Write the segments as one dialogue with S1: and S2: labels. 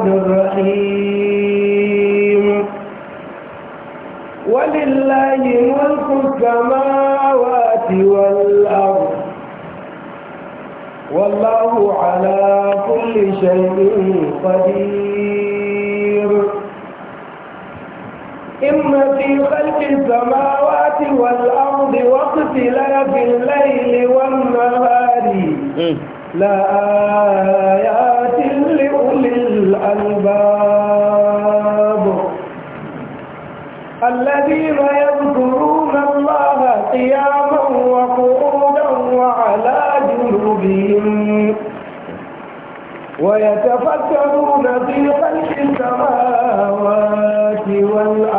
S1: الرحمن الرحيم ولله ملك السماوات والأرض والله على كل شيء قدير إن في خلق السماوات والأرض واختلاف الليل والنهار لآيات أولي الألباب الذين يذكرون الله قياما وقعودا وعلى جنوبهم ويتفكرون في خلق السماوات والأرض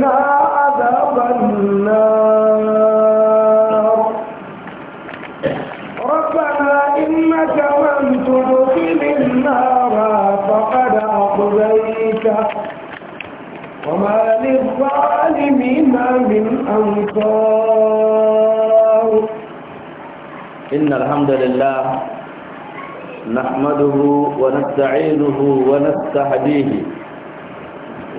S1: وقنا عذاب النار ربنا إنك من تدخل النار فقد أخزيته وما للظالمين من أنصار
S2: إن الحمد لله نحمده ونستعينه ونستهديه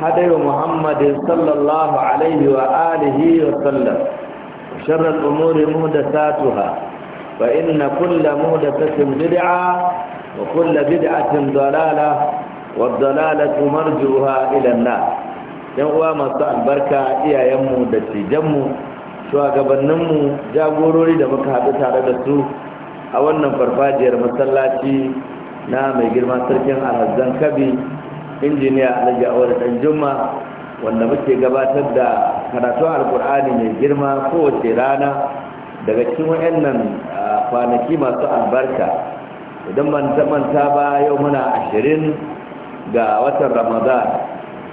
S2: hadari muhammadin sallallahu alaihi wa alihi wa sallam sharar umuri mu da satuha wa kulla mu da sassin bid'a wa kulla bid'atin dalala wa dalalatu marjuha ila na yan uwa masu albarka iyayenmu da cijanmu shugabanninmu jagorori da muka haɗu tare da su a wannan farfajiyar masallaci na mai girma sarkin alhazan kabi injiniya na jawar dan juma wanda muke gabatar da karatu alkur'ani mai girma kowace rana daga cikin wayannan kwanaki masu albarka idan ban manta ba yau muna ashirin ga watan ramadan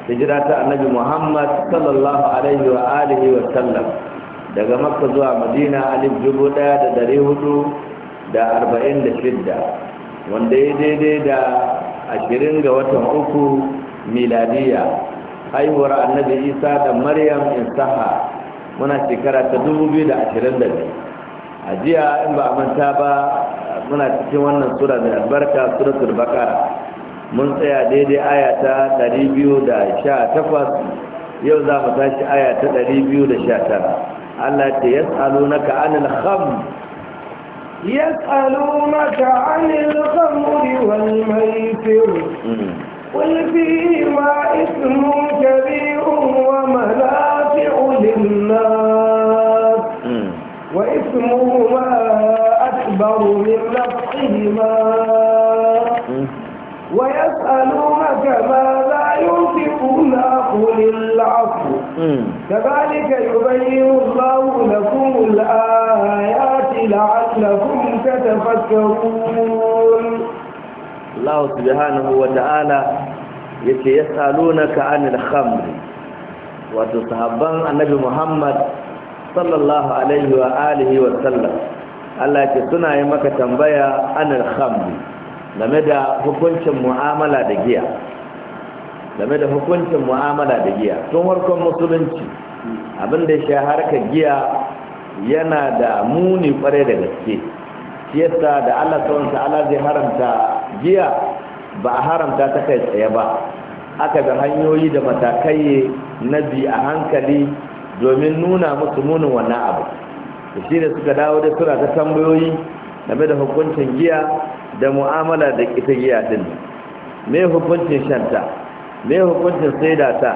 S2: hijira ta annabi muhammad sallallahu alaihi wa alihi wa sallam daga makka zuwa madina alif dubu daya da dari hudu da arba'in da shidda wanda ya daidai da ashirin ga watan uku miladiya haihuwar annabi isa da maryam insaha muna shekara ta dubu biyu da da biyu. a jiya in ba a manta ba muna cikin wannan sura da albarka sura baqara mun tsaya daidai aya ta takwas, yau za mu tashi aya ta tara. Allah ta na ka'anin khamr
S1: يسألونك عن الخمر والميسر قل فيهما إثم كبير ومنافع للناس وإثمهما أكبر من نفسهما ويسألونك ماذا ينفقون قل العفو كذلك يبين الله لكم الآيات لعلكم تتفكرون
S2: الله سبحانه وتعالى yace yasalunaka anil khamr wato sahabban annabi Muhammad sallallahu alaihi wa wa sallam Allah ce suna yi maka tambaya anil khamr game da hukuncin mu'amala da giya game da hukuncin mu'amala da giya tun farkon musulunci abinda ya harkar giya yana da muni kware da gaske yasa da Allah sauran Allah zai haramta giya ba a haramta ta kai tsaye ba aka ga hanyoyi da matakai na bi a hankali domin nuna musu munin wannan abu da shi da suka dawo da suna ta tambayoyi game da hukuncin giya da mu'amala da ita giya din me hukuncin shanta me hukuncin saida ta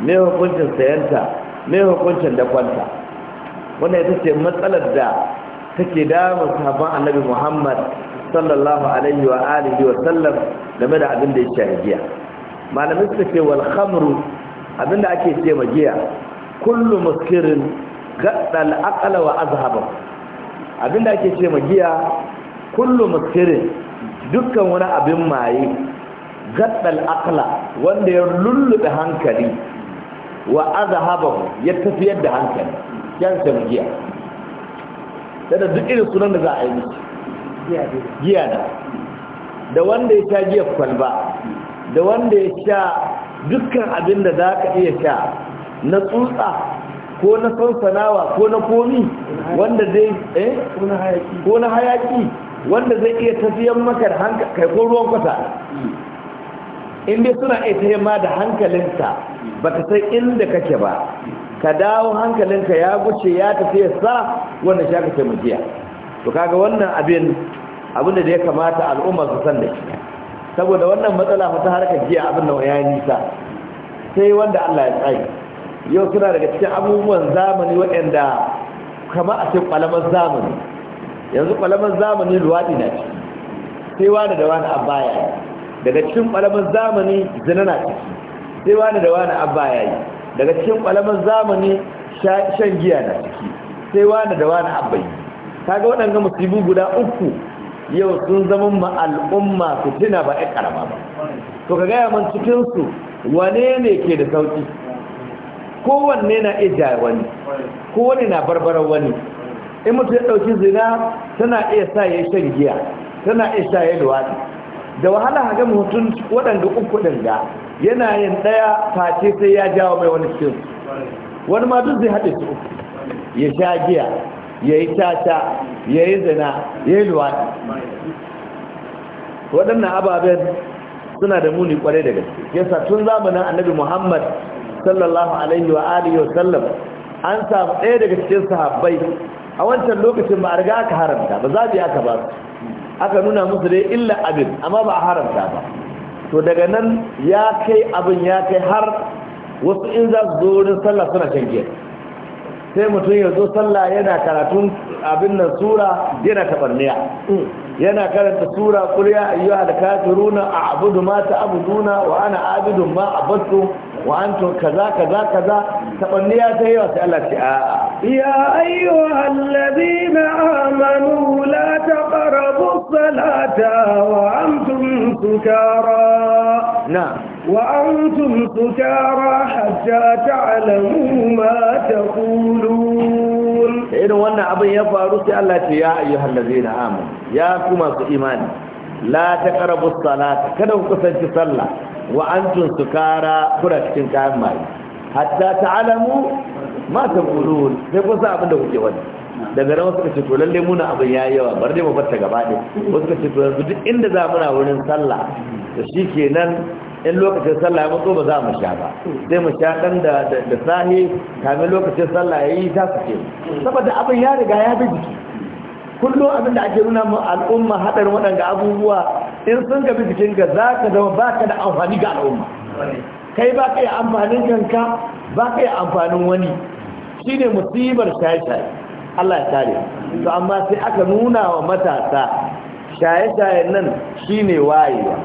S2: me hukuncin sayanta me hukuncin dakwanta wannan ita ce matsalar da take damun sahabban annabi muhammad sallallahu alaihi wa alihi wa sallam game da abin da ya shafi giya malamin suka ce wal khamru abin da ake ce ma giya kullu muskirin gaddal aqala wa azhaba abin da ake ce ma giya kullu muskirin dukkan wani abin maye gaddal aqla wanda ya lullube hankali wa azhaba ya tafiyar da hankali Yan fi samu giya da duk irin sunan da za a yi miki giya da da wanda ya sha giya kwalba da wanda ya sha dukkan abin da za ka iya sha na tsutsa ko na sansanawa ko na komi wanda zai eh ko na hayaki wanda zai iya tafiyan maka da hankali kai ko ruwan kwata in suna iya tafiyan ma da hankalinsa, ba ta san inda kake ba ka dawo hankalinka ya guce ya tafi ya sa wannan shaka aka mujiya to kaga wannan abin abin da ya kamata al'umma su san da shi saboda wannan matsala ta harkar giya abin da ya nisa sai wanda Allah ya tsaye yau suna daga cikin abubuwan zamani waɗanda kama a cikin ƙwalamar zamani yanzu ƙwalamar zamani luwaɗi na ciki sai wani da wani abba ya yi daga cikin ƙwalamar zamani zina na ciki sai wani da wani abba ya yi daga cikin ƙwalamar zamani shan giya na ciki sai wani da wani abai kaga waɗanda musibu guda uku yau sun zama ma al'umma su tuna ba ya karama ba to ka gaya man cikinsu wane ne ke da sauki kowanne na iya wani kowanne na barbaran wani in mutu ya ɗauki zina tana iya sa ya shan giya tana iya sa ya wani. da wahala ga mutum waɗanda uku ɗin ga yana yin ɗaya face sai ya jawo mai wani cikin wani ma zai haɗe su ya sha giya ya yi tata ya yi zina ya yi luwaɗi waɗannan ababen suna da muni kwarai da gaske yasa tun zamanin annabi muhammad sallallahu alaihi wa alihi wa sallam an samu ɗaya daga cikin sahabbai a wancan lokacin ba a riga aka haramta ba za zaɓi aka ba aka nuna musu dai illa abin amma ba a haramta ba to daga nan ya kai abin ya kai har wasu in za su zo wurin sallah suna can giya sai mutum ya zo sallah yana karatun abin nan sura yana tabarniya yana karanta sura kurya ayyuha da kafiruna a abudu ma ta abuduna wa ana abidun ma abattu wa antum kaza kaza kaza tabarniya ta yawa sai Allah ce a'a
S1: يا أيها الذين آمنوا لا تقربوا الصلاة وأنتم سكارى نعم وأنتم سكارى حتى تعلموا ما تقولون
S2: إن وانا أبي يفارس الله يا أيها الذين آمنوا يا كما إيماني لا تقربوا الصلاة كده كسنتي صلى وأنتم سكارى كرة كتن كامل حتى تعلموا ma ta bulun sai kun sa abin da kuke wani daga nan suka ce to lalle muna abin ya yawa bar dai mu bar ta gaba ne wasu suka ce to yanzu duk inda za muna wurin sallah da ke nan, in lokacin sallah ya matso ba za mu sha ba sai mu sha dan da da sahi kamin lokacin sallah ya yi, ta su saboda abin ya riga ya bi jiki kullum abin da ake nuna mu al'umma hadar waɗanda abubuwa in sun jikin jikinka za ka zama ba ka da amfani ga al'umma kai ba ka yi amfanin kanka ba ka yi amfanin wani shine musibar shaye-shaye Allah ya kare to amma sai aka nuna wa matasa shaye-shayen nan shine wayewa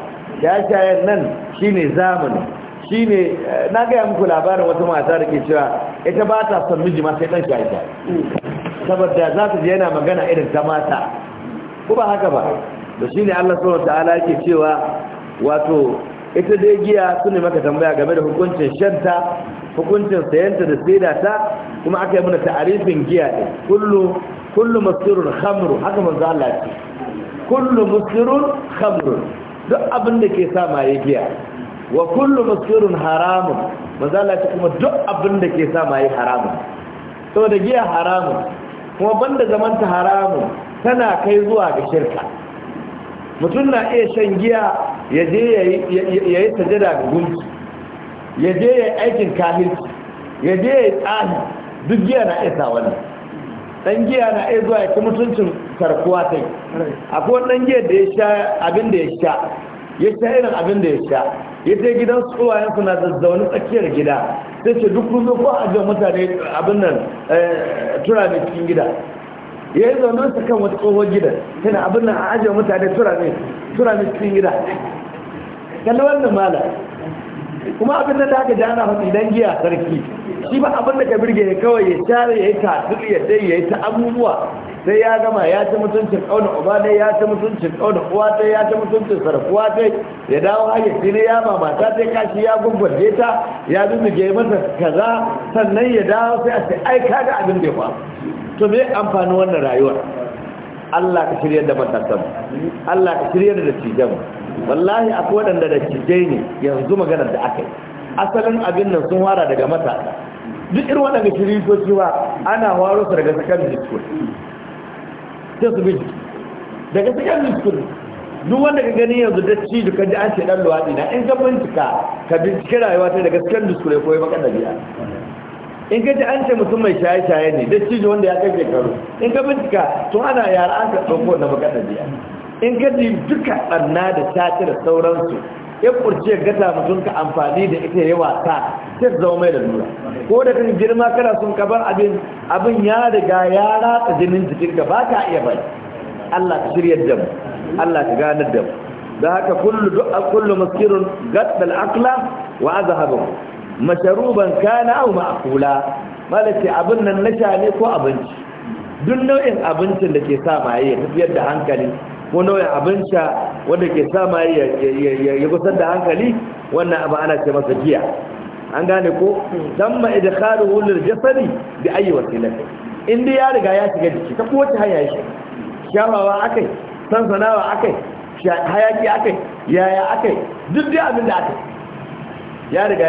S2: shaye-shayen nan shine zamani ne eh, na gaya muku labarin wata mata da ke cewa ita ba ta son miji ma sai dan shaye-shaye saboda za ta je yana magana irin ta mata ko ba haka ba da shine Allah subhanahu wa ta'ala yake cewa wato ita dai giya su ne maka tambaya game da hukuncin shanta hukuncin sayanta da saida ta kuma aka yi mana ta'arifin giya ɗin kullu kullu Musirun, khamru haka manzo Allah ce kullu Musirun, khamru duk abin da ke sa maye giya wa kullu Musirun, haramun manzo Allah ce kuma duk abin da ke sa maye haramun saboda giya haramun kuma banda zamanta haramun tana kai zuwa ga shirka mutum na iya shan giya ya ya yi sajada ga gunki ya je ya yi aikin kahilci ya je ya yi tsahi duk giya na isa wani dan giya na iya zuwa ya ci mutuncin karkuwa ta yi akwai dan giya da ya sha abin da ya sha ya sha irin abin da ya sha ya ce gidan tsuwayen suna zazzauni tsakiyar gida sai ce duk kun zo ko ajiyar mutane abin nan eh, tura ne cikin gida ya yi zaune su kan wata tsohon gidan tana abin nan a ajiyar mutane tura ne suna da cikin gida kalli wannan mala kuma abin da ta haka jana hudu idan giya sarki shi ba abin da ka birge ya kawai ya share ya yi tatur ya dai ya yi ta abubuwa sai ya gama ya ta mutuncin ƙaunar uba ya ta mutuncin ƙaunar uwa ya ta mutuncin sarkuwa ta ya dawo hanyar ne ya mamata ta kashi ya gungwarje ta ya zuzuge masa kaza sannan ya dawo sai a sai ai kaga abin da ya faru to me amfani wannan rayuwar Allah ka shirya da matakan Allah ka shirya da dattijan wallahi akwai waɗanda dattijai ne yanzu maganar da aka yi asalin abin nan sun fara daga mata. duk irin waɗanda shiritoci cewa ana waro su daga sakan school ta su bin daga sakan school duk wanda ka gani yanzu dacci duka ji an ce dan luwaɗi na in ka bincika ka binciki rayuwa ta daga secondary school ya koyi maka ɗabi'a in ka ji an ce mutum mai shaye-shaye ne da cijo wanda ya kai shekaru in ka bincika tun ana yara an ka tsoko na baka biya in ka ji duka ɓarna da tace da sauransu ya kurce gata mutum ka amfani da ita ya wasa ta zama mai da lura ko da kan girma kana sun kabar abin abin ya riga ya ratsa jinin jikinka ba ka iya bai Allah ka shirya da mu Allah ka ganar da mu da haka kullu du'a kullu maskirun gaddal aqla wa azhabu masharuban kana au ma'kula malaki abin nan na sha ne ko abinci duk nau'in abincin da ke sa maye ya tafiyar da hankali ko nau'in abinci wanda ke sa maye ya gusar da hankali wannan abu ana ce masa giya an gane ko damma idkhaluhu lil jasadi bi ayi in dai ya riga ya shiga jiki ta kowace hanya shi shawawa akai sansanawa akai hayaki akai yaya akai duk dai abin da akai ya riga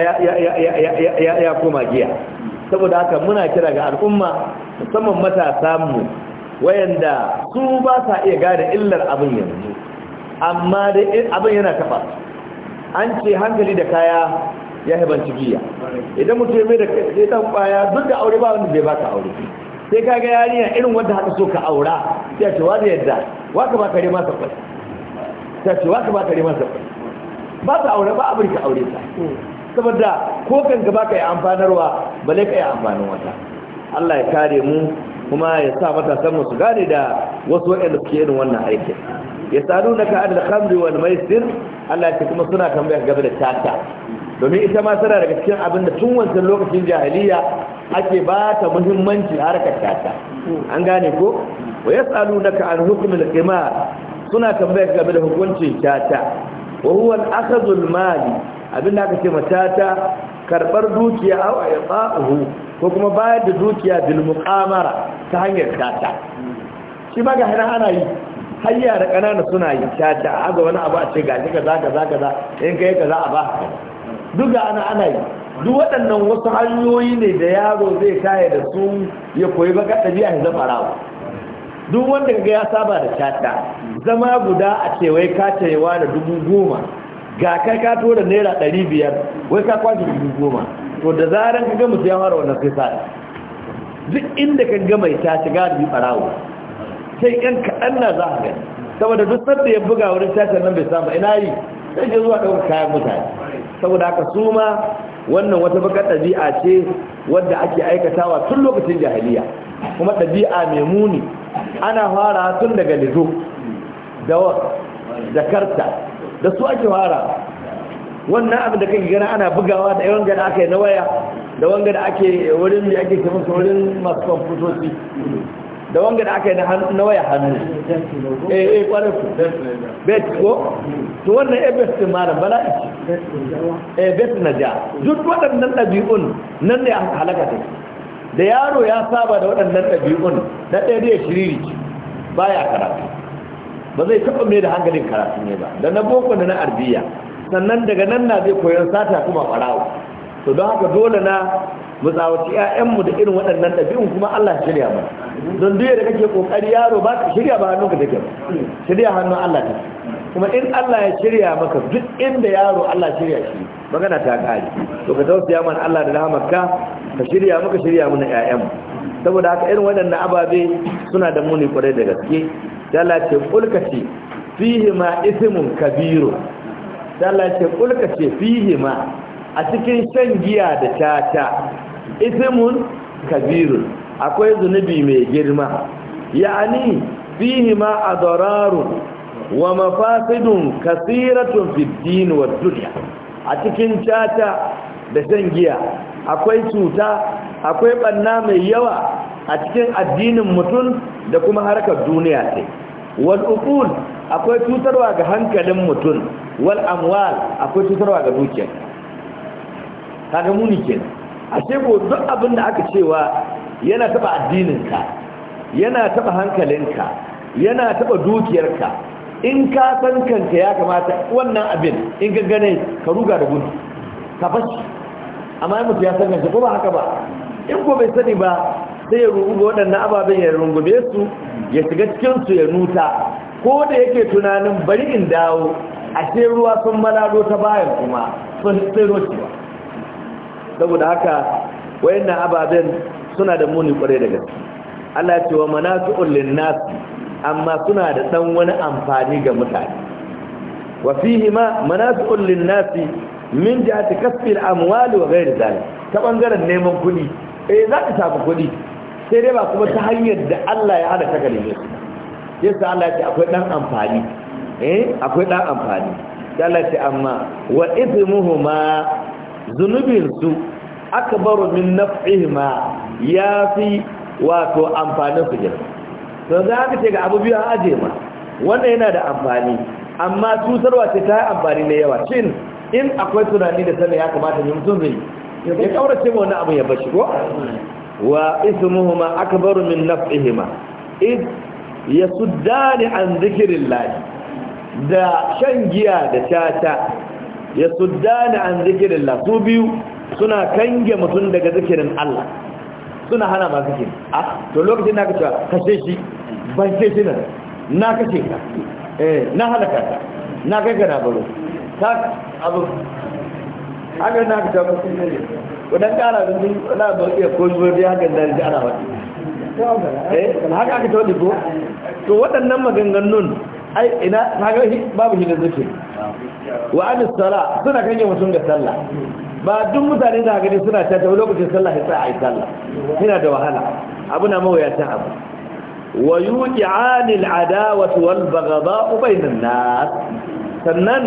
S2: ya koma giya saboda haka muna kira ga al'umma musamman matasa mu wayanda su ba sa iya gane illar abin yanzu amma da abin yana kafa an ce hankali da kaya ya hibanci giya idan mutum mai da kai dan baya duk da aure ba wanda bai baka aure sai kaga yarinya irin wanda haka so ka aura sai ce wani yadda waka ba kare masa kwai sai ce waka ba kare masa kwai ba su aure ba abin ka aure ta saboda ko kan gaba ka yi amfanarwa bale ka yi amfanin wata Allah ya kare mu kuma ya sa matasan mu su gane da wasu waɗanda suke yin wannan aikin ya sadu na ka'ad da khamri wal maisir Allah ya kuma suna tambaya game da tata domin ita ma tana daga cikin abin da tun wancan lokacin jahiliya ake ba ta muhimmanci harkar tata an gane ko wa yasalu naka an hukumul qimar suna tambaya game da hukuncin tata wa huwa al-akhdhu al-mali abinda aka ce matata karbar dukiya aw ayqahu ko kuma bayar da dukiya bil muqamara ta hanyar tata shi ba ga hana ana yi hayya da kanana suna yi tata aga wani abu a ce ga shi kaza kaza kaza in kai kaza a ba duk ga ana ana yi duk waɗannan wasu hanyoyi ne da yaro zai kaya da su ya koyi baka ɗabi'a ya zama rawa duk wanda ga ya saba da shata zama guda a cewai ka wa da dubu goma ga kai ka to da naira ɗari biyar wai ka kwashe dubu goma to da zaran ka gama sai fara wannan sai sada duk inda ka gama ta shiga da barawo sai yan kaɗan na za ka gani saboda duk sanda ya buga wurin tashin nan bai samu ina yi sai ke zuwa ɗaukar kayan mutane saboda haka su ma wannan wata bakar ɗabi'a ce wadda ake aikatawa tun lokacin jahiliya kuma ɗabi'a mai muni ana fara tun daga lizo da da karta da su ake fara wannan abin da kake gana ana bugawa da yawan gada aka yi na waya da wanga da ake wurin da ake kama wurin masu kwamfutoci da wanga da aka yi na waya hannu eh eh kwarar ku bet ko to wannan eh bet din malam bala'i eh bet na ja duk waɗannan ɗabi'un nan ne aka halaka take da yaro ya saba da waɗannan ɗabi'un na ɗaya da ya ba ya karatu ba zai taɓa mai da hankalin karatu ne ba da na boko da na arbiya sannan daga nan na zai koyon sata kuma ɓarawo to don haka dole na mu tsawaci 'ya'yanmu da irin waɗannan ɗabi'un kuma Allah shirya ba. don duk da kake ƙoƙari yaro ba shirya ba hannunka take ba shirya hannun Allah take kuma in Allah ya shirya maka duk inda yaro Allah shirya shi magana ta kare to ka tausaya mana Allah da rahamarka ka shirya maka shirya mana ƴaƴan saboda haka irin waɗannan ababe suna da muni kwarai da gaske Allah ce kulkace fihi ma ismun kabiru Allah ce kulkace fihi ma a cikin shan giya da tata ismun kabiru akwai zunubi mai girma ya'ani fihi ma adararu wa mafasidun kasiratun fiddin wa duniya a cikin cata da shan giya akwai cuta akwai banna mai yawa a cikin addinin mutum da kuma harkar duniya sai. wal uqul akwai cutarwa ga hankalin mutum wal amwal akwai cutarwa ga dukiyar kaga muni kenan ashe ko duk abin da aka cewa yana taba addininka yana taba hankalinka yana taba dukiyarka in ka san kanka ya kamata wannan abin in ka gane ka ruga da gudu ka fashi amma ya mutu ya san kanka ko ba haka ba in ko bai sani ba sai ya rungu waɗannan ababen ya rungume su ya shiga cikin su ya nuta ko da yake tunanin bari in dawo a ce ruwa sun malado ta bayan kuma sun roci cewa saboda haka wayannan ababen suna da muni kwarai da gaske Allah ya ce wa ulil nasu. amma suna da ɗan wani amfani ga mutane wa fihi ma manasu'un linnasi min jihati kasfi al wa ghairi zalik ta bangaren neman kuɗi eh za ka samu kuɗi sai dai ba kuma ta hanyar da Allah ya hada ta kalime su yasa Allah ya ce akwai dan amfani eh akwai dan amfani Allah ya ce amma wa ithmuhuma zunubin su akbaru min naf'ihima yafi wato amfanin su jira to za ka ce ga abu biyu aje ma wannan yana da amfani amma cutarwa ce ta yi amfani na yawa shin in akwai tunani da sanin ya kamata ne mutum zai ya kaurace ma wani abu ya bashi ko wa ismuhuma akbaru min naf'ihima id yasuddani an zikrillah da shan giya da tata yasuddani an zikrillah su biyu suna kange mutum daga zikirin Allah suna hana ma zikiri a ah, to lokacin da ka ce kashe shi ban ce nan na kace ka eh na halaka ka na kai ga na baro ta abu haka na ka tabbata wadan kara da ni na ba iya kojo zuwa da haka da ji ana wata eh haka aka tabbata ko to waɗannan maganganun ai ina haka babu shi da zuke wa an sala suna kanye mutum ga sallah ba duk mutane da haka ne suna ta lokacin sallah sai a yi sallah yana da wahala abu na mawuyacin abu wa yuqi'ani al'adawati wal baghdha'u bainan nas sannan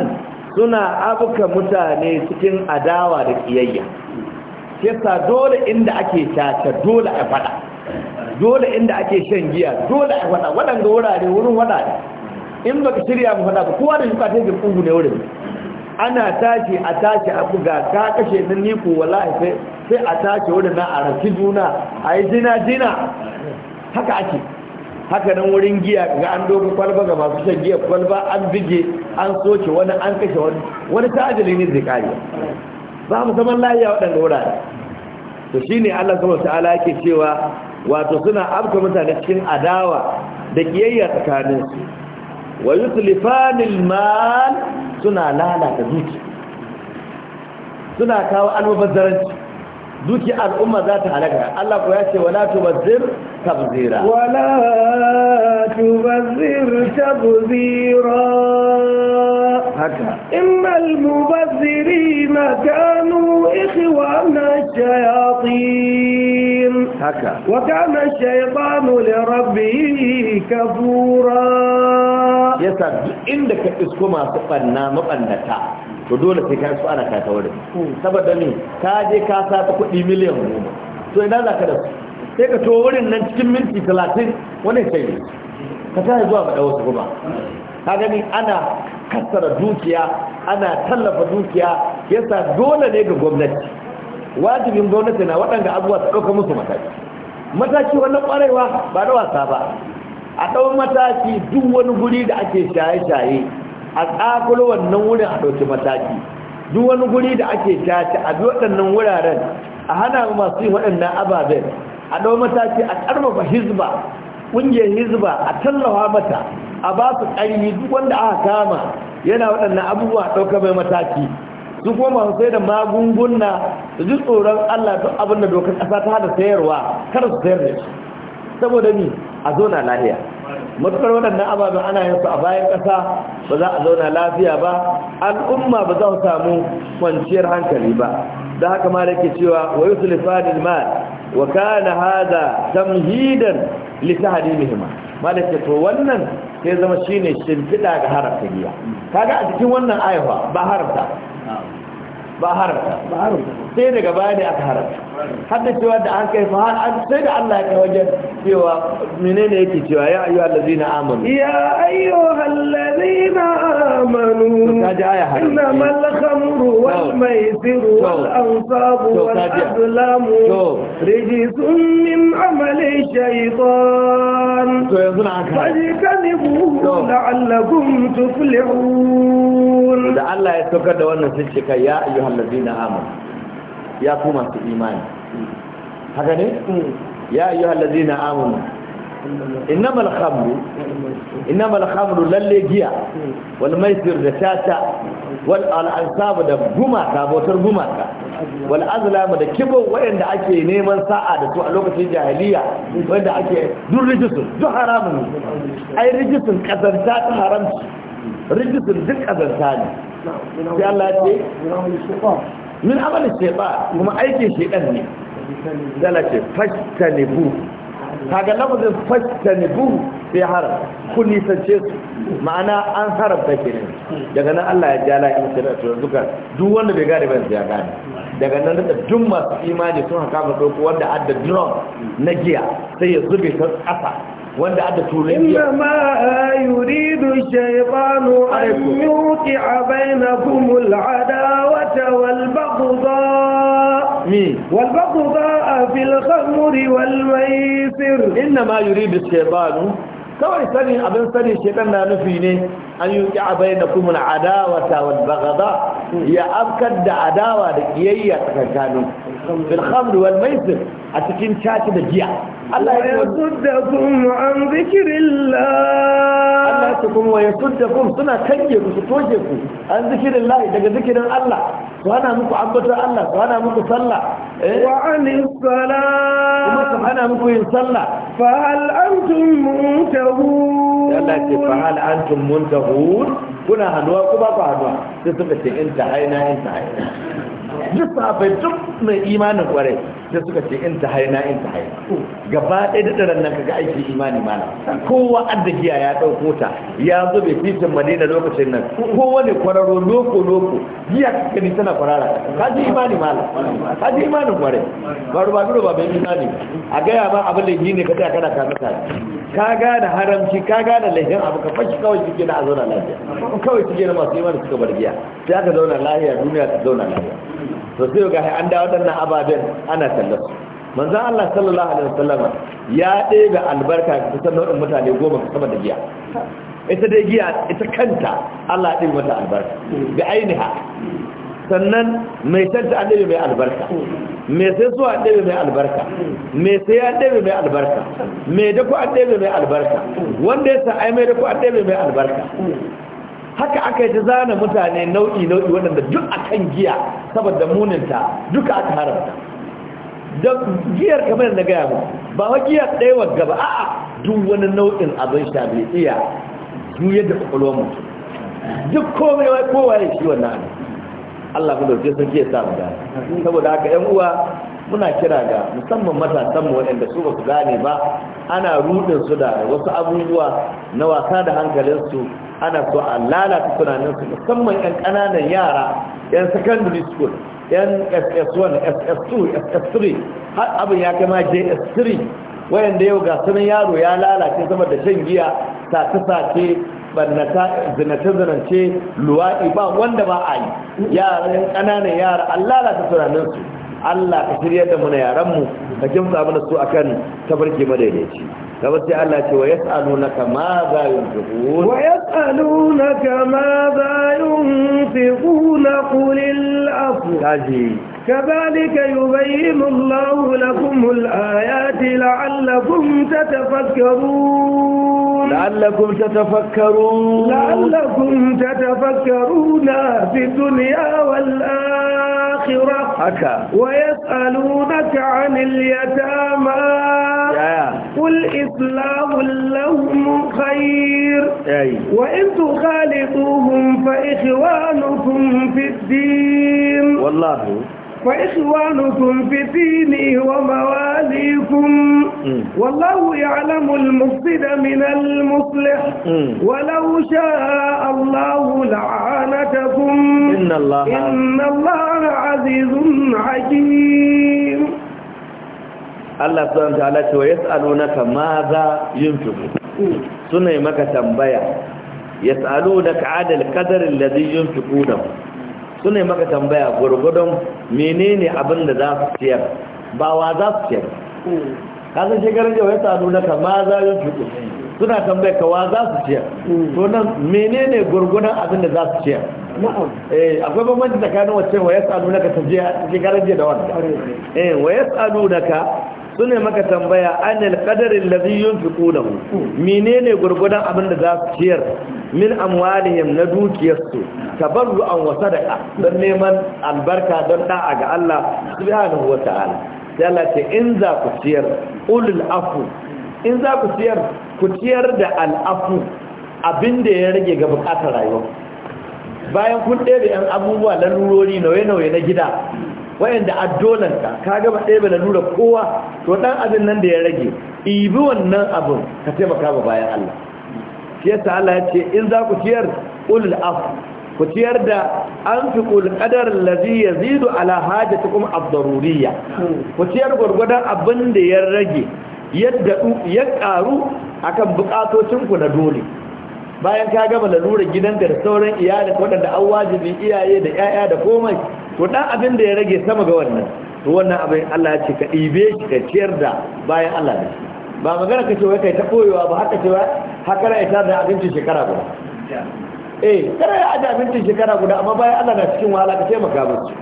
S2: suna abuka mutane cikin adawa da kiyayya yasa dole inda ake tata dole a fada dole inda ake shan giya dole a fada wadanga wurare wurin wada in baka shirya mu fada ba kowa da shi ka take kungu ne wurin ana tashi a tashi a ka kashe nan ni ko sai a na a juna a yi jina jina haka ake haka nan wurin giya ga an dogo kwalba ga masu shan giya kwalba an bige an soke wani an kashe wani wani ta ajali ne zai kare ba mu saman lafiya waɗanda wurare to shine Allah subhanahu ta'ala yake cewa wato suna abka mutane cikin adawa da kiyayya tsakanin su wa yuslifanil mal suna lalata zuci? suna kawo almubazzaranci duki al'umma za ta halaka Allah ko ya ce wala tubazzir tabzira
S1: wala tubazzir tabzira haka innal mubazzirina kanu ikhwana shayatin haka wa kana shaytanu li rabbihi kafura yasa duk inda ka isko
S2: masu ɓanna maɓannata to dole sai ka isko ana kata wurin saboda ne ka je ka ta kuɗi miliyan goma to ina za ka da su sai ka to wurin nan cikin minti talatin wani sai ne ka tashi zuwa faɗa wasu goma ka gani ana kassara dukiya ana tallafa dukiya yasa dole ne ga gwamnati wajibin gwamnati na waɗanda abubuwa su ɗauka musu mataki mataki wannan ƙwarewa ba da wasa ba a ɗau mataki duk wani guri da ake shaye-shaye a tsakar wannan wurin a ɗauki mataki duk wani guri da ake shaye a bi waɗannan wuraren a hana masu yin waɗannan ababen a ɗau mataki a ƙarfafa hizba ƙungiyar hizba a tallawa mata a ba su ƙarfi duk wanda aka kama yana waɗannan abubuwa ɗauka mai mataki su kuma masu sai da magunguna su ji tsoron allah duk abin da dokar ƙasa ta hada sayarwa karasu su sayar da shi saboda ni a zauna lahiya matukar waɗannan ababen ana yin su a bayan ƙasa ba za a zauna lafiya ba al'umma ba za su samu kwanciyar hankali ba da haka ma da ke cewa wa yusul fadil ma wa kana hada tamhidan ma da ke to wannan sai zama shine shimfiɗa ga harafta giya kaga a cikin wannan ayaba ba harafta ba haramta sai daga baya da aka haramta hadda cewa da an kai fahar sai da Allah ya kai wajen cewa menene yake cewa ya ayyuha na amanu ya
S1: ayyuha allazina amanu Ina aya har inna mal wal maisiru wal ansabu wal azlamu rijsun min amali shaytan to yanzu na aka kaji kanibu la'allakum tuflihun da
S2: Allah ya saukar da wannan sun ya kai ya na amur ya ku masu imani haka ne ya ayyuhal ladina amanu innamal khamru innamal khamru lalle giya wal maisir da shata wal ansab da gumaka bautar gumaka wal azlam da kibo wayanda ake neman sa'a da su a lokacin jahiliya wayanda ake duk rijisun duk haramun ai rijisun kasar ta haramci rijisun duk azanta ne sai Allah ya ce min amal shaytan kuma aikin shaytan ne sai Allah ce fastanibu kaga lafazin
S1: fastanibu
S2: sai haram ku nisance su ma'ana an haramta kenan daga nan Allah ya jala in shari'a to zuka duk wanda bai gane ba ya gane daga nan da duk masu imani sun haka ba dauko wanda adda drum na giya sai ya zube ta kasa wanda adda turanci ma
S1: yuridu shaytanu an yuqi'a bainakum al'adawata wal baghdha wal baghdha fil khamri wal maisir inma yuridu shaytanu kawai sanin abin sanin shedan na nufi ne an yi ƙi abai da kuma
S2: adawa ta wadda gaba ya afkar da adawa da kiyayya tsakankanin bil khamr wal maisir a cikin caci da
S1: giya Allah ya yasuddakum an zikrillah Allah ya kuma yasuddakum suna kange ku su toke ku an zikrillah daga zikirin Allah su hana muku ambatar Allah su hana muku sallah eh? wa anis salat kuma su hana muku yin sallah fahal antum muntahun Allah ce fahal antum muntahun kuna
S2: hannuwa kuma ba hannuwa sai suka ce in ta haina in ta haina
S1: duk duk
S2: mai imanin kwarai da suka ce in ta haina in ta haina gaba ɗaya da ɗaran nan kaga aiki imani mana kowa addagiya ya ɗauko ta ya zo bai fitin madina lokacin nan wani kwararo loko loko giya kaka ni tana kwarara ka ji imani mana ka ji imanin kwarai ba ruba duro ba bai imani a gaya ma abin da gini ka tsaya kana ka mutane ka gane haramci ka gane laifin abu ka fashi kawai shi na a zauna lafiya kawai shi na masu imanin suka bar giya sai aka zauna lafiya duniya ta zauna lafiya to sai ga an da waɗannan ababen ana sallar manzo Allah sallallahu alaihi wasallama ya ɗebe albarka ga kusan nau'in mutane goma sama da giya ita dai giya ita kanta Allah ya ɗebe mata albarka bi ainiha sannan mai tanta an ɗebe mai albarka mai sai su an ɗebe mai albarka mai sai an ɗebe mai albarka mai dako an ɗebe mai albarka wanda ya sa ai mai dako an ɗebe mai albarka haka aka yi ta zana mutane nau'i nau'i waɗanda duk a kan giya saboda muninta duka aka haramta da giyar kamar da gaya mu ba wa giyar ɗaya wa gaba a'a duk wani nau'in abin sha mai iya juyar da ƙwaƙwalwa mutum duk komai wa kowa ya shi wannan Allah mu dauke sun ke samu da saboda haka ƴan uwa muna kira ga musamman matasanmu waɗanda su ba su gane ba ana rudin su da wasu abubuwa na wasa da hankalinsu ana so a lalata tunaninsu musamman 'yan ƙananan yara 'yan secondary school 'yan ss1 ss2 ss3 har abin ya kama js3 wayanda yau ga sunan yaro ya lalace sama da shan giya sace-sace barnata zinace-zinace luwaɗi ba wanda ba a yi yaran kananan yara an lalata tunaninsu Allah ka shirya da muna yaran mu ka kimsa mana su akan tabarki madaidaici kamar sai
S1: Allah ce wa yas'alunaka ma za yunfiqun wa yas'alunaka ma za yunfiqun qul lil afu kaji كذلك يبين الله لكم الآيات لعلكم تتفكرون لعلكم تتفكرون لعلكم تتفكرون في الدنيا والآخرة الآخرة حكا ويسألونك عن اليتامى قل إسلام لهم خير أي. وإن تخالطوهم فإخوانكم في الدين والله وإخوانكم في الدين ومواليكم والله يعلم المفسد من المصلح ولو شاء الله لعانتكم إن الله, إن الله عزيز حكيم
S2: Allah sun ta'ala cewa yas'alunaka madha yunfiqu sunai maka tambaya yas'alunaka 'adal qadar alladhi yunfiquna suna maka tambaya gwargwadon menene abin da za su siyar ba wa za su ciyar kasan shekarun ya sanu na kama za yi fito suna tambaya ka wa za su siyar to nan menene gwargwadon abin da za su siyar eh, akwai bambanci tsakanin wacce wa ya sanu na ka tafiya shekarun jiya da wanda eh, wa ya sanu na ka sune maka tambaya anil qadarin ladhi yunfiqunahu menene gurgudan abin da za su ciyar min amwalihim na dukiyarsu tabarru'an wa sadaqa don neman albarka don da'a ga Allah subhanahu wa ta'ala sai Allah ce in za ku ciyar ulul afu in za ku ciyar ku ciyar da al'afu abin da ya rage ga bukatar rayuwa bayan kun ɗebe 'yan abubuwa lalurori nauye-nauye na gida wayanda addolanka ka gaba ɗaya bai lura kowa to ɗan abin nan da ya rage ibi wannan abin ka taimaka ba bayan Allah shi yasa Allah ya ce in za ku ciyar ulul af ku ciyar da an fi ƙulƙadar qadar allazi yazidu ala hajatikum kuma daruriyya ku ciyar gwargwadon abin da ya rage yadda ya ƙaru akan ku na dole bayan ka gama lura gidanka da sauran iyalin waɗanda an wajibi iyaye da 'ya'ya da komai to dan abin da ya rage sama ga wannan to wannan abin Allah ya ce ka ɗibe shi ka ciyar da bayan Allah da shi ba magana ka ce wai kai ta koyewa ba haka cewa hakara ita da abincin shekara guda eh kare ya aje abincin shekara guda amma bayan Allah na cikin wahala ka taimaka musu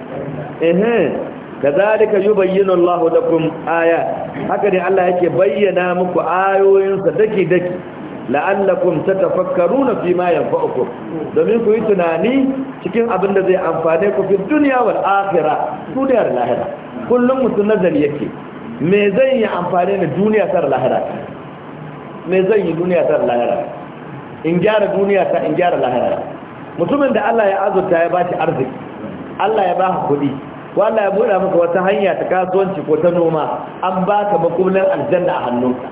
S2: eh kazalika yubayyinu Allahu lakum ayat haka ne Allah yake bayyana muku ayoyinsa daki daki la'allakum tatafakkaruna fi ma yanfa'ukum domin ku yi tunani cikin abin da zai amfane ku fi duniya wal akhirah duniya da lahira kullum mutum nazari yake me zan yi amfane na duniya tar lahira me zan yi duniya tar lahira in gyara duniya ta in gyara lahira mutumin da Allah ya azurta ya bashi arziki Allah ya ka kuɗi ko Allah ya buɗa maka wata hanya ta kasuwanci ko ta noma an baka makullin aljanna a hannunka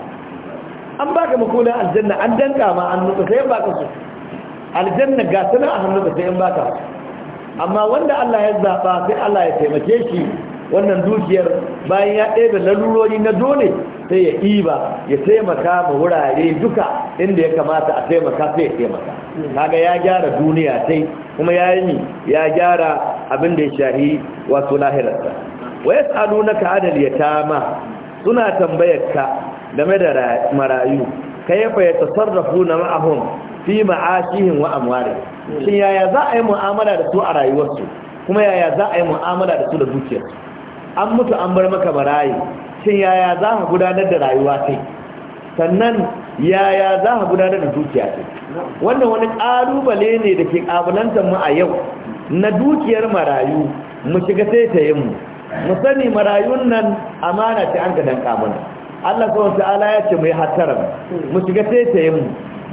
S2: an ba baka makonan aljanna an danka ma an nutsa sai an baka su aljanna ga suna a hannu da sai an baka amma wanda Allah ya zaba sai Allah ya taimake shi wannan dukiyar bayan ya ɗebe lalurori na dole sai ya ɗiba, ya taimaka ma wurare duka inda ya kamata a taimaka sai ya taimaka kaga ya gyara duniya sai kuma ya yi ya gyara abin da ya shahi wato lahirarsa wa ya na ka adal ya suna tambayar ka game da marayu ya kayfa na ma'ahum fi ma'ashihim wa amwalihim shin yaya za a yi mu'amala da su a rayuwarsu kuma yaya za a yi mu'amala da su da dukiyar? an mutu an bar maka marayu shin yaya za ka gudanar da rayuwa kai sannan yaya za ka gudanar da dukiya kai wannan wani ƙalubale ne da ke ƙabalantar mu a yau na dukiyar marayu mu shiga sai ta yi mu mu sani marayun nan amana ce an ka dan ƙamuna Allah ta'ala ya ce mai hataran mu shiga taitaye mu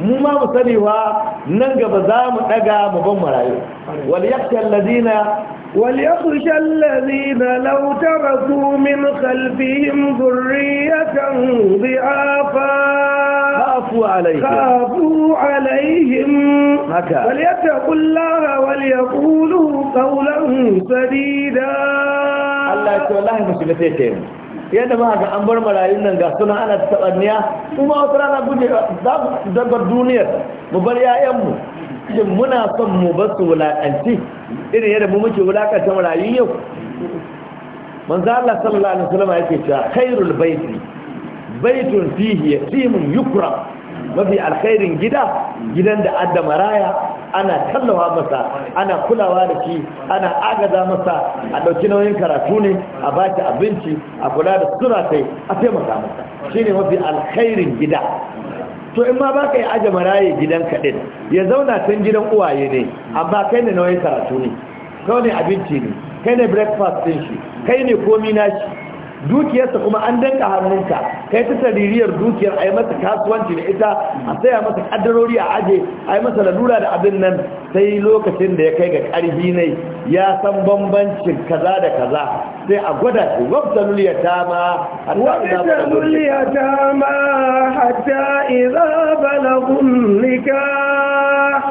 S2: mu ma mu sani wa nan gaba za mu daga mu ban marayu wal yaqtal
S1: ladina وليخشى الذين لو تركوا من خلفهم ذرية ضعافا خافوا عليهم خافوا عليهم فليتقوا الله وليقولوا قولا سديدا الله يقول yi
S2: مسلمتين yadda ba ga an bar marayun nan ga suna ana taɓanniya kuma wata rana guje za su dabar duniyar mu bar 'ya'yanmu shin muna son mu ba su wulaƙanci irin yadda mu muke wulaƙanta marayun yau manzo Allah sallallahu alaihi wasallam yake cewa khairul baiti baitun fihi yatimun yukra mafi alkhairin gida gidan da adda maraya ana tallawa masa ana kulawa da shi ana agaza masa a ɗauki nauyin karatu ne a baki abinci a kula da sura sai a taimaka masa Shi ne mafi alkhairin gida to in ma baka yi aje maraye gidan kaɗin ya zauna can gidan uwaye ne amma kai ne nauyin karatu ne kai ne abinci ne kai ne breakfast ɗin shi kai ne komi na shi dukiyarsa kuma an danka hannunka kai ta taririyar dukiyar a yi masa kasuwanci da ita a saya masa kaddarori a aje a yi masa lalura da abin nan sai lokacin da ya kai ga karfi ne ya san bambancin kaza da kaza sai a gwada shi wabta nuliya ta
S1: ma hatta iza balagun nikah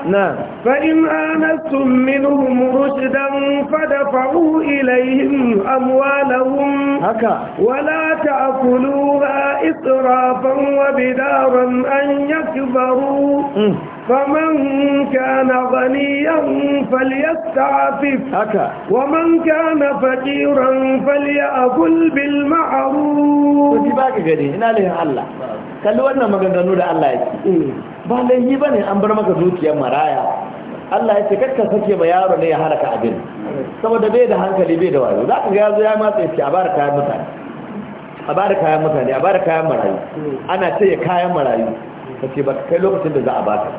S1: نعم فإن آنستم منهم رشدا فدفعوا إليهم أموالهم هكا ولا تأكلوها إسرافا وبدارا أن يكبروا م. فمن كان غنيا فليستعفف هكا ومن كان فقيرا فليأكل بالمعروف. كنت باكي قدي هنا ليه الله. كان لو أنه مغنغنو
S2: ده الله يجي. ba laifi ba ne an bar maka zuciyar maraya Allah ya ce kakka sake ma yaro ne ya halaka abin saboda bai da hankali bai da wayo za ka ga yazo ya matsa ya ce a bar kayan mutane a bar kayan mutane a bar kayan marayu ana ce ya kayan marayu kace ba kai lokacin da za a baka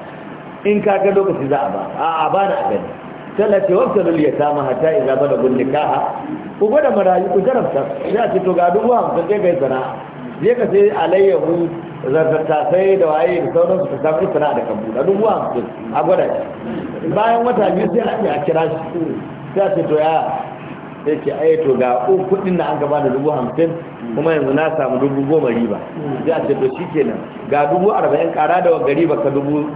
S2: in ka ga lokaci za a ba a a na abin gani sallah ce wata lulli ya tama hatta idza bada gullikaha ku gwada marayu ku jarabta ya ce to ga wa hamsin kai kai sana'a je ka sai alayyahu zartattasai da waye da sauransu ta samu sana'a da kambu da duk a gwada bayan wata biyu sai a kira shi sai a ce to sai ce ai to ga kudin da an gaba da dubu hamsin kuma yanzu na samu dubu goma riba sai a ce to shi kenan ga dubu arba'in kara da wagga riba ka dubu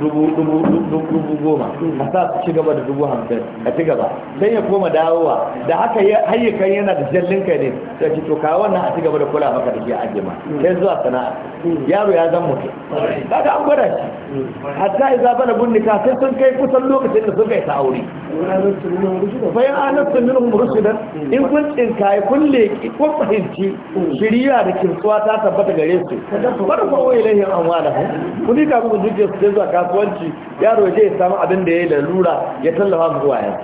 S2: goma a sa su ci gaba da dubu hamsin a ci gaba sai ya koma dawowa da haka hayyukan yana da jallin kai ne sai ce to ka wannan a ci gaba da kula maka da ke ajima sai zuwa sana'a yaro ya zan mutu kaga an gwada shi hatta idza bala bunnika sai sun kai kusan lokacin da sun kai ta aure bayan anastu minhum rusulan in kun tsinkaye kun leƙi ko fahimci shiriya da kirsuwa ta tabbata gare su bada wai lahi an wada ku ni ka mu duke su zuwa kasuwanci yaro je ya samu abin da ya yi lalura ya tallafa mu zuwa yanzu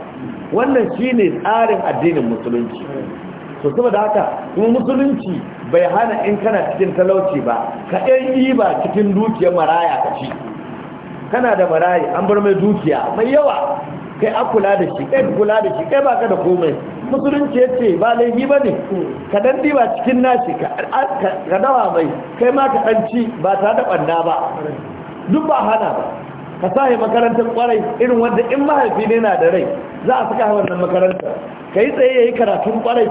S2: wannan shine tsarin addinin musulunci to saboda haka kuma musulunci bai hana in kana cikin talauci ba ka ɗan ba cikin dukiyar maraya ka ci kana da maraya an bar mai dukiya mai yawa kai a kula da shi kai kula da shi kai ba ka da komai musulunci ya ce ba laifi ba ne ka dan diba cikin nashi ka dawa mai kai ma ka dan ci ba ta da banda ba duk ba hana ba ka sa yi makarantar kwarai irin wanda in mahaifi ne na da rai za a saka wannan makarantar ka yi tsaye ya yi karatun kwarai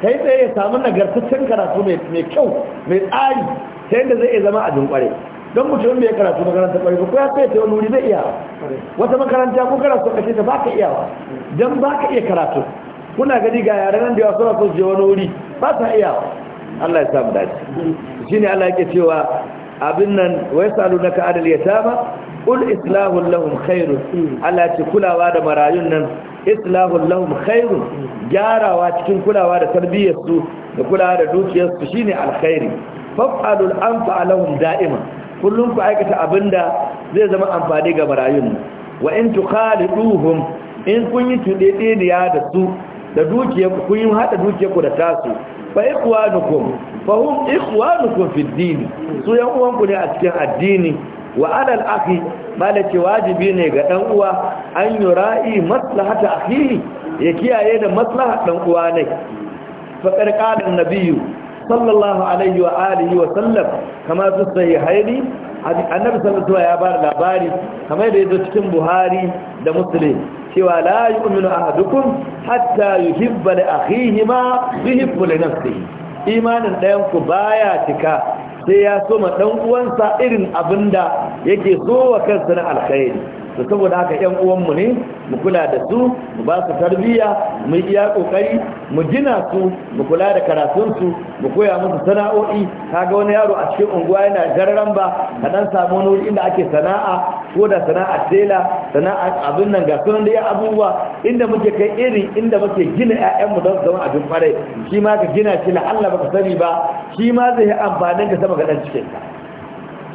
S2: ka yi tsaye ya samu nagartaccen karatu mai kyau mai tsari ta yadda zai iya zama a jin kwarai don mutum da ya karatu makaranta kwari ba ko ya tsaye ta wani wuri zai iya wata makaranta ko karatu kashe ta baka iyawa don baka iya karatu kuna gani ga yaran nan da yawa suna so je wani wuri ba sa iyawa Allah ya samu dace shine Allah yake cewa abin nan wai salunaka adal yatama Ul islahu lahum khairun Allah ce kulawa da marayun nan islahu lahum khairun gyarawa cikin kulawa da tarbiyyar su da kulawa da dukiyar su shine alkhairi fa'alul anfa lahum da'ima kullum ku aikata abinda zai zama amfani ga marayun wa in tukhaliduhum in kun yi ya da su da dukiyar ku kun yi hada dukiyar ku da tasu fa ikhwanukum fa hum ikhwanukum fi din su yan uwan ku ne a cikin addini wa al akhi malaki wajibi ne ga dan uwa an yura'i maslahata akhihi ya kiyaye da maslahar dan uwa ne fa qarqalan nabiyyu sallallahu alaihi wa alihi wa sallam kama su sahihaini annabi sallallahu alaihi ya bada labari kamar da yazo cikin buhari da muslim cewa la yu'minu ahadukum hatta yuhibba li akhihi ma yuhibbu li nafsihi imanin ɗayan ku baya cika sai ya so ma dan uwansa irin abinda yake so wa kansa na alkhairi to saboda haka yan uwanmu ne mu kula da su mu ba su tarbiyya mu iya kokari mu gina su mu kula da karatun su mu koya musu sana'o'i kaga wani yaro a cikin unguwa yana jarran ba ka dan samu wani inda ake sana'a ko da sana'a tela sana'a abin nan ga sunan da ya abubuwa inda muke kai iri inda muke gina ƴaƴan mu don zama a abin fare shi ma ka gina shi la'alla baka sani ba shi ma zai yi amfani ka sama ga dan cikin ka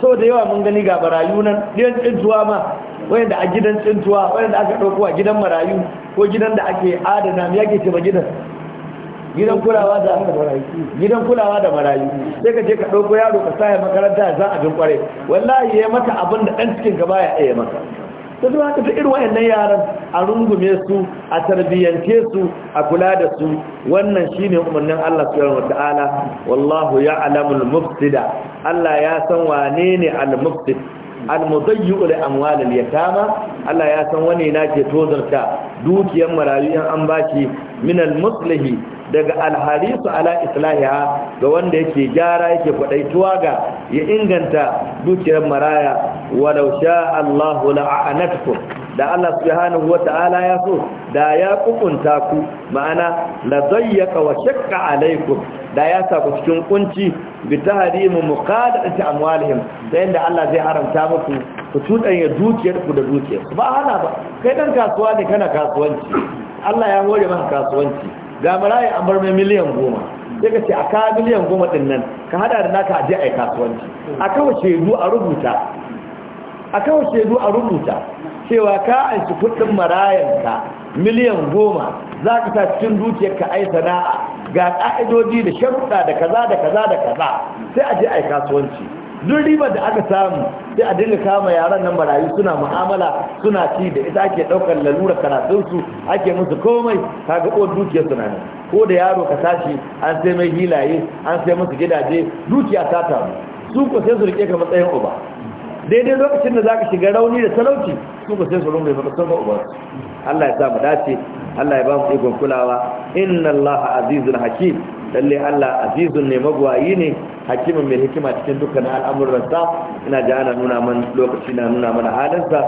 S2: sau da yawa mun gani ga barayu nan ɗin tsintuwa ma wayanda a gidan tsintuwa wayanda aka ɗauko a gidan marayu ko gidan da ake adana ya ke ce ba gidan gidan kulawa da gidan kulawa da marayu sai ka je ka ɗauko yaro ka saya makaranta za a bin kwarai wallahi ya mata abin da ɗan cikin gaba baya iya maka ta zuwa haka ta irin wayannan yaran a rungume su a tarbiyyance su a kula da su wannan shine umarnin Allah subhanahu wataala wallahu ya'lamul mufsida Allah ya san wane ne al-mufsid almudayyu da amwalil yatama Allah ya san wani na ke tozarta dukiyar marayu in an bashi min muslihi daga alharisu ala islahiha ga wanda yake gyara yake kwadaituwa ga ya inganta dukiyar maraya walau sha Allahu la'anatukum da Allah subhanahu wata'ala ya so da ya kukunta ku ma'ana la zayyaka wa shakka alaikum da ya saku cikin kunci bi tahrimu muqadati amwalihim da inda Allah zai haramta muku ku tudanya dukiyar ku da dukiyar ba hana ba kai dan kasuwa ne kana kasuwanci Allah ya hore maka kasuwanci ga marayi an bar mai miliyan goma sai ka ce a ka miliyan goma din nan ka hada da naka aje ai kasuwanci a kawo shedu a rubuta a kawo shedu a rubuta cewa ka aiki kudin ka miliyan goma za ka ta cikin dukiyarka ai sana'a ga ka'idoji da sharuɗa da kaza da kaza da kaza sai a je a yi kasuwanci duk ribar da aka samu sai a dinga kama yaran nan barayi suna mu'amala suna ci da ita ake ɗaukar lalura karatunsu ake musu komai kaga uwar dukiyar suna ne ko da yaro ka tashi an sai mai hilaye an sai musu gidaje dukiya ta tamu su ko sai su rike ka matsayin uba daidai lokacin da zaka shiga rauni da talauci su ko sai su rungume ba sauka uba Allah ya sa mu dace Allah ya ba mu ikon kulawa inna Allah azizul hakim lalle Allah azizun ne magwayi ne hakimin mai hikima cikin dukkan al'amuransa ina ji ana nuna man lokaci na nuna mana halinsa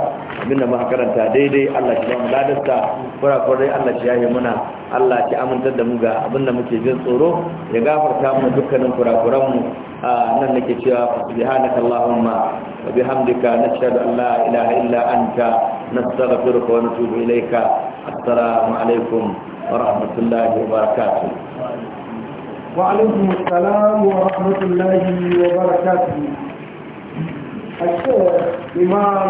S2: abinda muka karanta daidai Allah ya ba mu ladarsa dai Allah ya yi muna Allah ya amintar da mu ga abinda muke jin tsoro ya gafarta mu dukkanin kurakuran mu nan nake cewa subhanaka allahumma wa bihamdika nashhadu an la ilaha illa anta nastaghfiruka wa natubu ilayka assalamu alaikum wa rahmatullahi wa barakatuh
S1: wa alaikum assalam wa rahmatullahi wa barakatuh الشيخ إمام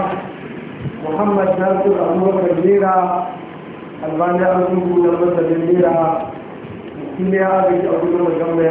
S1: محمد ناصر أمور الليرة الباني أمور المسجد الليرة كلها بيت أبو